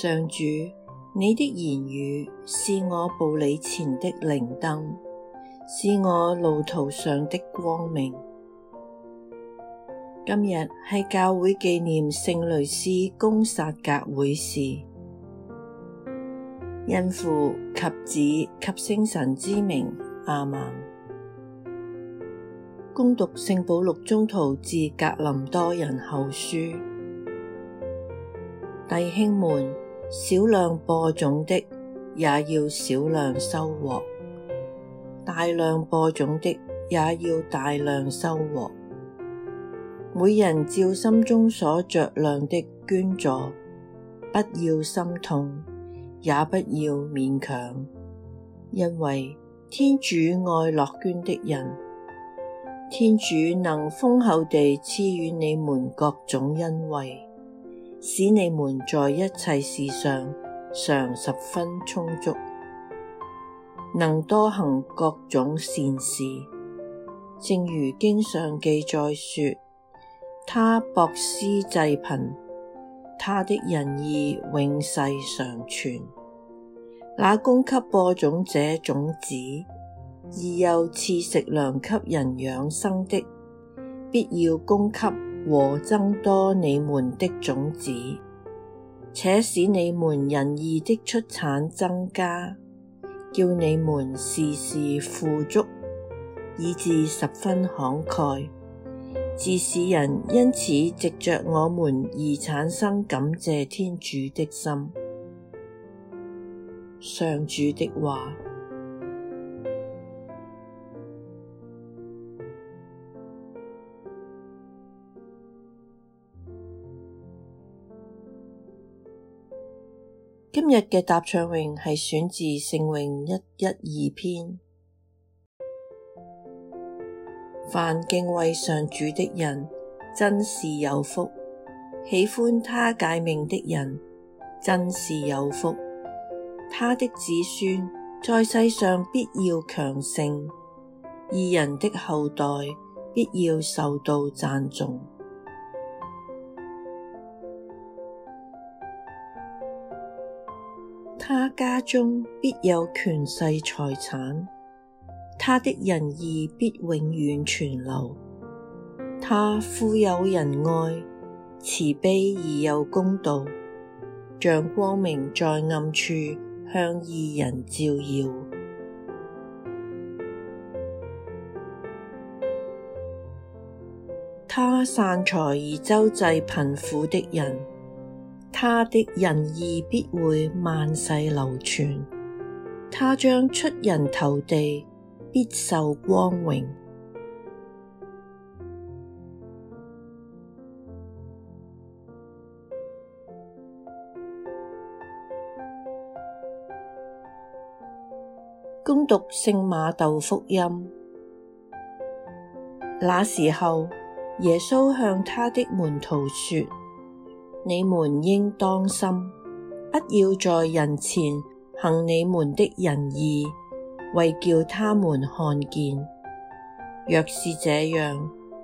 上主，你的言語是我步履前的靈燈，是我路途上的光明。今日係教會紀念聖類思公撒格會士，因父及子及聖神之名，阿們。恭讀聖保祿宗徒至格林多人後書。弟兄們，小量播種的也要小量收穫，大量播種的也要大量收穫。每人照心中所酌量的捐助，不要心痛，也不要勉強，因為天主愛樂捐的人，天主能豐厚地賜與你們各種恩惠。使你們在一切事上常十分充足，能多行各種善事。正如經上記載說：他博施濟貧，他的仁義永世常存。那供給播種者種子，而又賜食糧給人養生的，必要供給。和增多你們的種子，且使你們仁義的出產增加，叫你們事事富足，以致十分慷慨，致使人因此藉着我們而產生感謝天主的心。上主的話。今日嘅答唱詠係選自聖詠一一二篇。凡敬畏上主的人，真是有福；喜歡他誡命的人，真是有福。他的子孫在世上必要強盛，義人的後代必要受到讚頌。他家中必有權勢財產，他的仁義必永遠存留。他富有人愛，慈悲而又公道，像光明在暗處向異人照耀。他散財而周濟貧苦的人。他的仁義必會萬世留存，他將出人頭地，必受光榮。 恭讀聖馬竇福音。那時候，耶穌向他的門徒說。你們應當心，不要在人前行你們的仁義，為叫他們看見。若是這樣，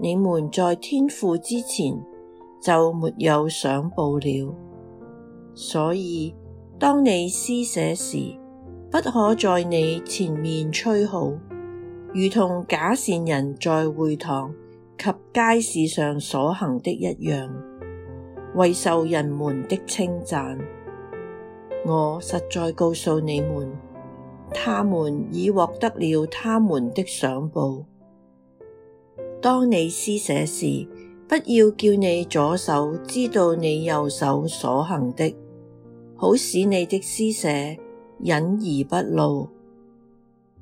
你們在天父之前就沒有賞報了。所以，當你施捨時，不可在你前面吹號，如同假善人在會堂及街市上所行的一樣。為受人們的稱讚，我實在告訴你們，他們已獲得了他們的賞報。當你施捨時，不要叫你左手知道你右手所行的，好使你的施捨隱而不露。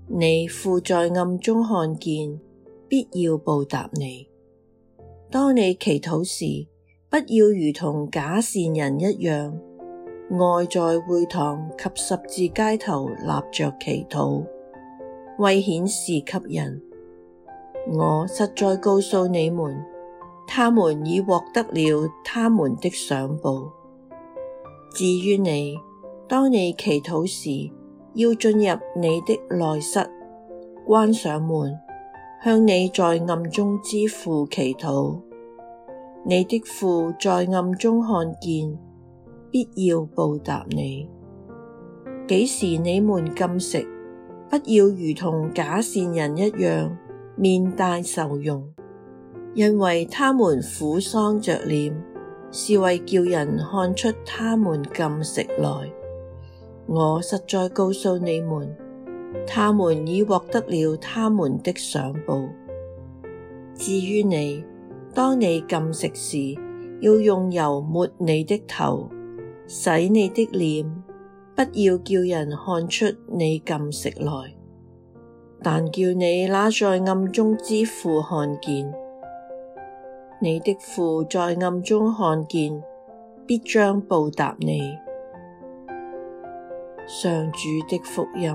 你父在暗中看見，必要報答你。當你祈禱時，不要如同假善人一樣，愛在會堂及十字街頭立着祈禱，為顯示給人。我實在告訴你們，他們已獲得了他們的賞報。至於你，當你祈禱時，要進入你的內室，關上門，向你在暗中之父祈禱。你的父在暗中看見，必要報答你。幾時你們禁食，不要如同假善人一樣，面帶愁容，因為他們苦喪着臉，是為叫人看出他們禁食來。我實在告訴你們，他們已獲得了他們的賞報。至於你，當你禁食時，要用油抹你的頭，洗你的臉，不要叫人看出你禁食來，但叫你那在暗中之父看見，你的父在暗中看見，必將報答你。上主的福音。